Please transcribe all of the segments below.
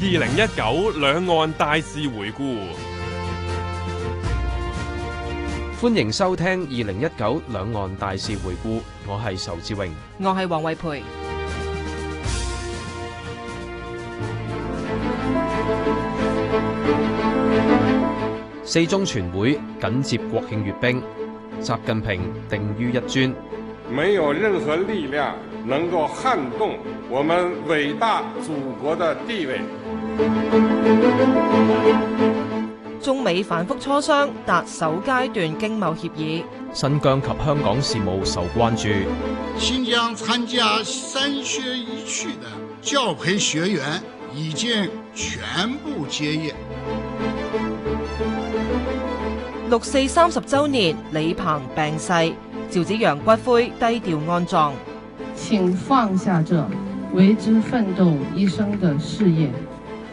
二零一九兩岸大事回顧，歡迎收聽二零一九兩岸大事回顧，我係仇志榮，我係王慧蓓。四中全會緊接國慶閱兵，習近平定於一尊。沒有任何力量能夠撼動我們偉大祖國的地位。中美反覆磋商達首階段經貿協議，新疆及香港事務受關注。新疆參加三學一去的教培學員已經全部結業。六四三十周年，李鵬病逝，趙紫陽骨灰低調安葬。請放下這為之奮鬥一生的事業。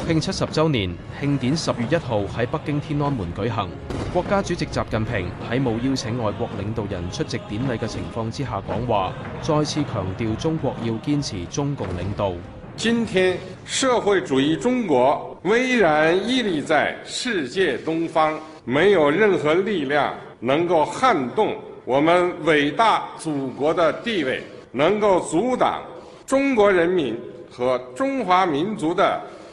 國慶七十周年慶典十月一號喺北京天安門舉行。國家主席習近平喺冇邀請外國領導人出席典禮嘅情況之下講話，再次強調中國要堅持中共領導。今天，社會主義中國巍然屹立在世界東方，沒有任何力量能夠撼動我們偉大祖國的地位，能夠阻擋中國人民和中華民族的。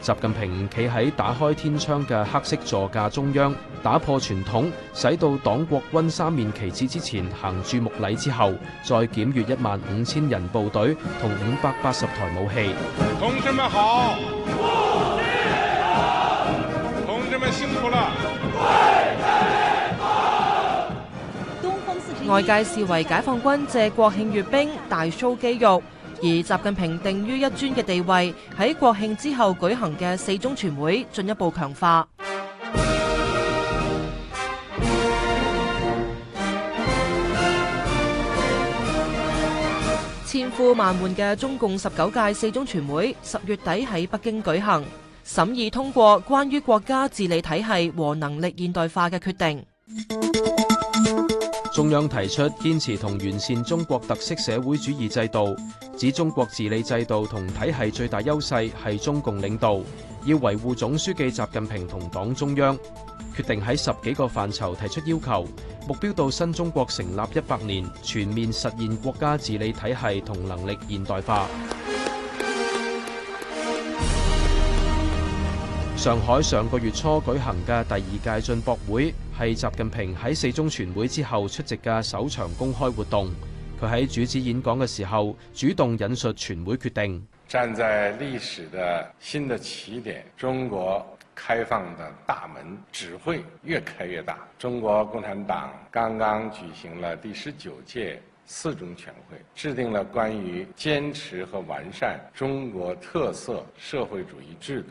習近平企喺打開天窗嘅黑色座駕中央，打破傳統，使到黨國軍三面旗幟之前行注目禮之後，再檢閱一萬五千人部隊同五百八十台武器。同志們好！同志們辛苦啦！外界視為解放軍借國慶閱兵大蘇 h o 肌肉。而習近平定於一尊嘅地位，喺國慶之後舉行嘅四中全會進一步強化。千呼萬喚嘅中共十九屆四中全會十月底喺北京舉行，審議通過關於國家治理體系和能力現代化嘅決定。中央提出堅持同完善中國特色社會主義制度，指中國治理制度同體系最大優勢係中共領導，要維護總書記習近平同黨中央決定，喺十幾個範疇提出要求，目標到新中國成立一百年，全面實現國家治理體系同能力現代化。上海上個月初舉行嘅第二屆進博會係習近平喺四中全會之後出席嘅首場公開活動。佢喺主旨演講嘅時候主動引述全會決定。站在歷史的新的起點，中國開放的大門只會越開越大。中國共產黨剛剛舉行了第十九屆四中全會，制定了關於堅持和完善中國特色社會主義制度。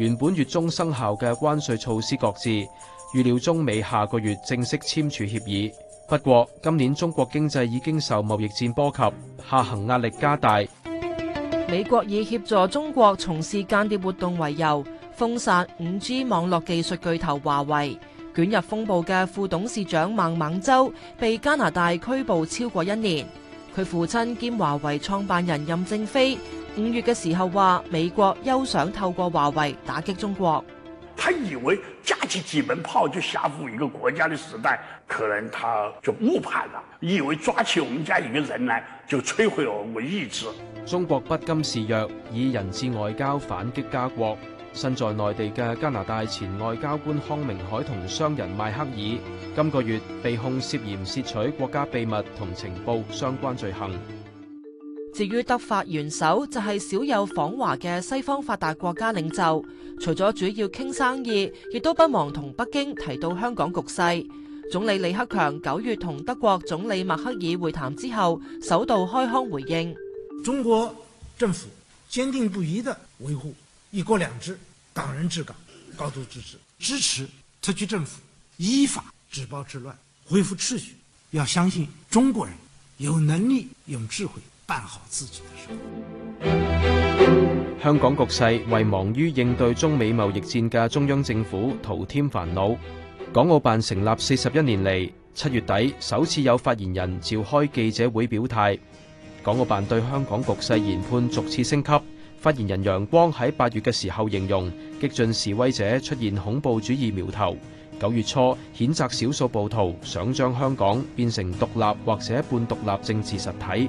原本月中生效嘅關稅措施擱置，預料中美下個月正式簽署協議。不過今年中國經濟已經受貿易戰波及，下行壓力加大。美國以協助中國從事間諜活動為由，封殺 5G 網絡技術巨頭華為。捲入風暴嘅副董事長孟晚舟被加拿大拘捕超過一年，佢父親兼華為創辦人任正非，五月嘅時候話，美國休想透過華為打擊中國。他以為揸起幾門炮就嚇唬一個國家嘅時代，可能他就誤判了。以為抓起我們家一個人嚟，就摧毀我我意志。中國不甘示弱，以人質外交反擊家國。身在內地嘅加拿大前外交官康明凱同商人邁克爾，今個月被控涉嫌竊取國家秘密同情報相關罪行。至於德法元首就係、是、少有訪華嘅西方發達國家領袖，除咗主要傾生意，亦都不忘同北京提到香港局勢。總理李克強九月同德國總理默克爾會談之後，首度開腔回應：中國政府堅定不移地維護一國兩制、港人治港，高度支持支持特區政府依法止暴制亂、恢復秩序。要相信中國人有能力、有智慧。辦好自己的事。香港局勢為忙於應對中美貿易戰嘅中央政府徒添煩惱。港澳辦成立四十一年嚟，七月底首次有發言人召開記者會表態。港澳辦對香港局勢研判逐次升級。發言人楊光喺八月嘅時候形容激進示威者出現恐怖主義苗頭。九月初譴責少數暴徒想將香港變成獨立或者半獨立政治實體，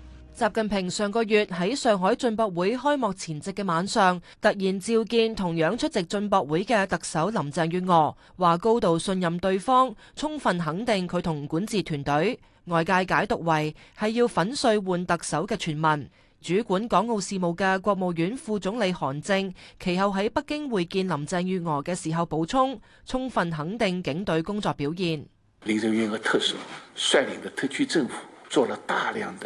習近平上個月喺上海進博會開幕前夕嘅晚上，突然召見同樣出席進博會嘅特首林鄭月娥，話高度信任對方，充分肯定佢同管治團隊。外界解讀為係要粉碎換特首嘅傳聞。主管港澳事務嘅國務院副總理韓正，其後喺北京會見林鄭月娥嘅時候補充，充分肯定警隊工作表現。林鄭月娥特首率領嘅特區政府做了大量嘅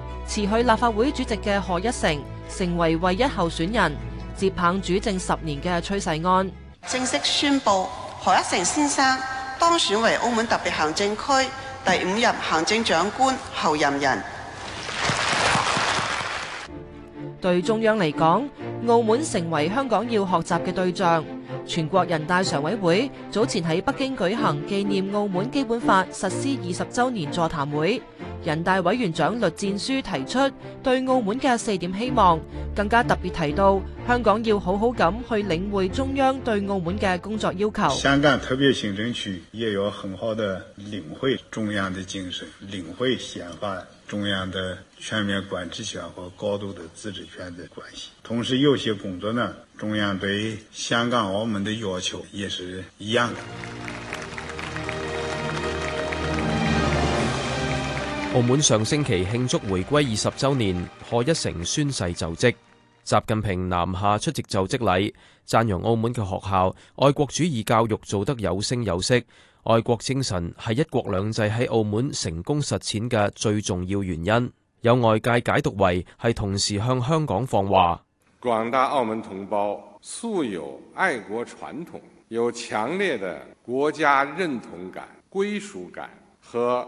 辭去立法會主席嘅賀一誠，成為唯一候選人，接棒主政十年嘅崔世安，正式宣布賀一誠先生當選為澳門特別行政區第五任行政長官候任人。對中央嚟講，澳門成為香港要學習嘅對象。全國人大常委會早前喺北京舉行紀念澳門基本法實施二十周年座談會。人大委員長栗戰書提出對澳門嘅四點希望，更加特別提到香港要好好咁去領會中央對澳門嘅工作要求。香港特別行政區也要很好的領會中央的精神，領會憲法、中央的全面管治權和高度的自治權的關係。同時，有些工作呢，中央對香港、澳門的要求也是一樣的。澳門上星期慶祝回歸二十周年，賀一誠宣誓就職，習近平南下出席就職禮，讚揚澳門嘅學校愛國主義教育做得有聲有色，愛國精神係一國兩制喺澳門成功實踐嘅最重要原因。有外界解讀為係同時向香港放話。廣大澳門同胞素有愛國傳統，有強烈嘅國家認同感、歸屬感和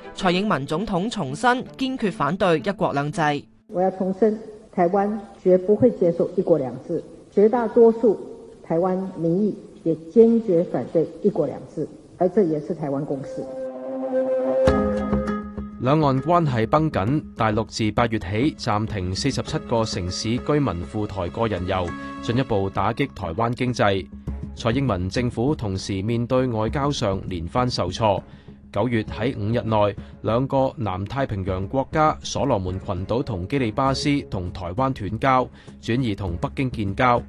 蔡英文總統重申堅決反對一國兩制。我要重申，台灣絕不會接受一國兩制，絕大多數台灣民意也堅決反對一國兩制，而這也是台灣共識。兩岸關係繃緊，大陸自八月起暫停四十七個城市居民赴台個人遊，進一步打擊台灣經濟。蔡英文政府同時面對外交上連番受挫。九月喺五日內，兩個南太平洋國家所羅門群島同基里巴斯同台灣斷交，轉而同北京建交。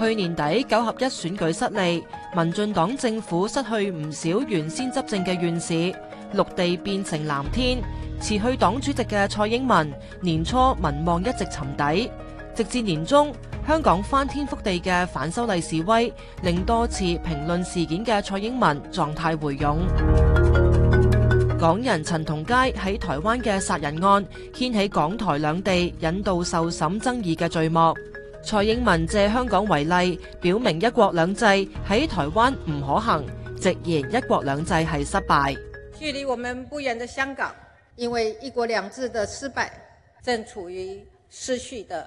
去年底九合一選舉失利，民進黨政府失去唔少原先執政嘅縣市，綠地變成藍天。辭去黨主席嘅蔡英文，年初民望一直沉底。直至年中，香港翻天覆地嘅反修例示威，令多次評論事件嘅蔡英文狀態回勇。港人陳同佳喺台灣嘅殺人案掀起港台兩地引渡受審爭議嘅序幕。蔡英文借香港為例，表明一國兩制喺台灣唔可行，直言一國兩制係失敗。距離我們不遠的香港，因為一國兩制的失敗，正處於失序的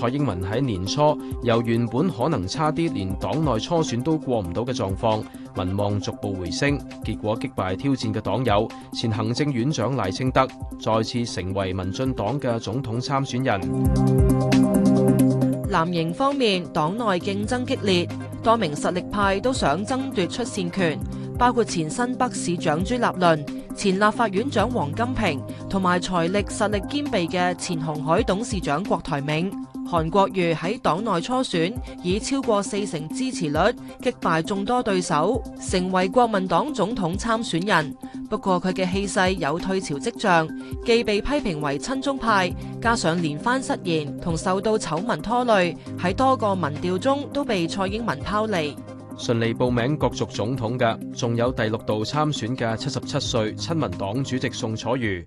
蔡英文喺年初由原本可能差啲連黨內初選都過唔到嘅狀況，民望逐步回升，結果擊敗挑戰嘅黨友前行政院長賴清德，再次成為民進黨嘅總統參選人。藍營方面黨內競爭激烈，多名實力派都想爭奪出線權，包括前新北市長朱立倫、前立法院長王金平同埋財力實力兼備嘅前鴻海董事長郭台銘。韓國瑜喺黨內初選以超過四成支持率擊敗眾多對手，成為國民黨總統參選人。不過佢嘅氣勢有退潮跡象，既被批評為親中派，加上連番失言同受到醜聞拖累，喺多個民調中都被蔡英文拋離。順利報名角逐總統嘅，仲有第六度參選嘅七十七歲親民黨主席宋楚瑜。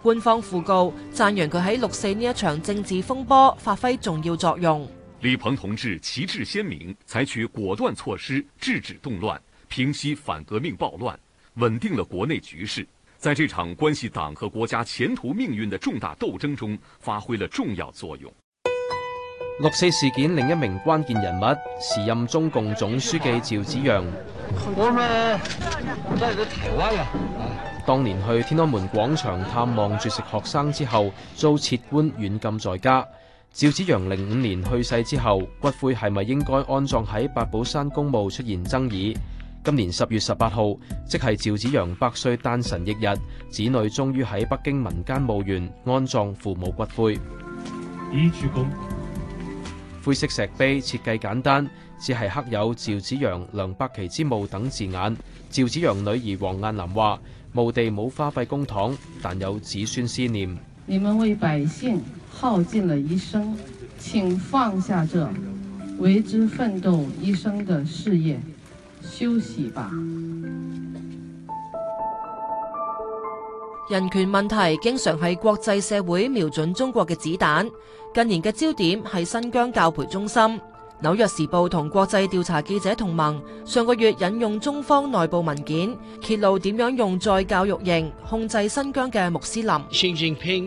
官方訃告讚揚佢喺六四呢一場政治風波發揮重要作用。李鵬同志旗幟鮮明，採取果斷措施制止動亂，平息反革命暴亂，穩定了國內局勢，在這場關係黨和國家前途命運的重大鬥爭中發揮了重要作用。六四事件另一名關鍵人物，時任中共總書記趙紫陽。我們來到台灣了。當年去天安門廣場探望絕食學生之後，遭撤官軟禁在家。趙紫陽零五年去世之後，骨灰係咪應該安葬喺八寶山公墓出現爭議。今年十月十八號，即係趙紫陽百歲誕辰翌日，子女終於喺北京民間墓園安葬父母骨灰。灰色石碑設計簡單，只係刻有趙紫陽、梁伯奇之墓等字眼。趙紫陽女兒黃雁南話：墓地冇花費公帑，但有子孫思念。你們為百姓耗盡了一生，請放下這為之奮鬥一生的事業，休息吧。人權問題經常喺國際社會瞄準中國嘅子彈，近年嘅焦點係新疆教培中心。紐約時報同國際調查記者同盟上個月引用中方內部文件，揭露點樣用再教育營控制新疆嘅穆斯林。平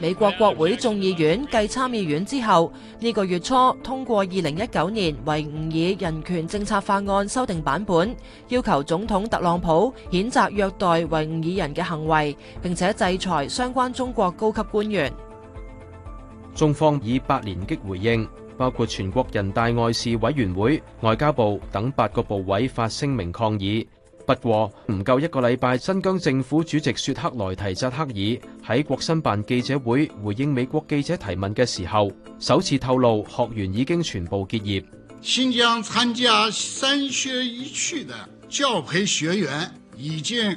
美國國會眾議院繼參議院之後，呢個月初通過2019年維吾爾人權政策法案修訂版本，要求總統特朗普譴責虐待維吾爾人嘅行為。並且制裁相關中國高級官員。中方以八連擊回應，包括全國人大外事委員會、外交部等八個部委發聲明抗議。不過唔夠一個禮拜，新疆政府主席雪克來提扎克爾喺國新辦記者會回應美國記者提問嘅時候，首次透露學員已經全部結業。新疆參加三學一去的教培學員已經。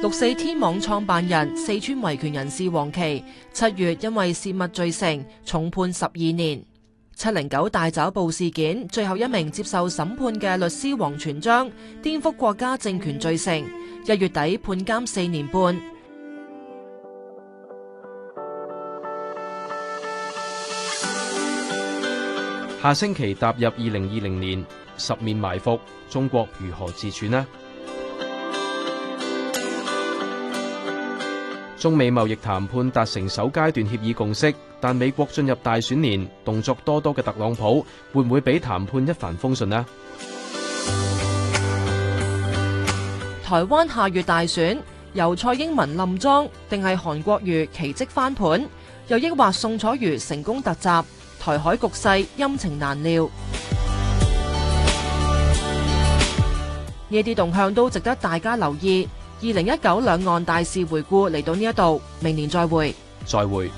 六四天網創辦人、四川維權人士黃琦七月因為洩密罪成，重判十二年。七零九大抓捕事件最後一名接受審判嘅律師王全章，顛覆國家政權罪成，一月底判監四年半。下星期踏入二零二零年，十面埋伏，中國如何自處呢？中美貿易談判達成首階段協議共識，但美國進入大選年，動作多多嘅特朗普會唔會畀談判一帆風順呢？台灣下月大選，由蔡英文冧莊，定係韓國瑜奇跡翻盤？又抑或宋楚瑜成功突襲？台海局勢陰晴難料，呢啲動向都值得大家留意。二零一九兩岸大事回顧嚟到呢一度，明年再會，再會。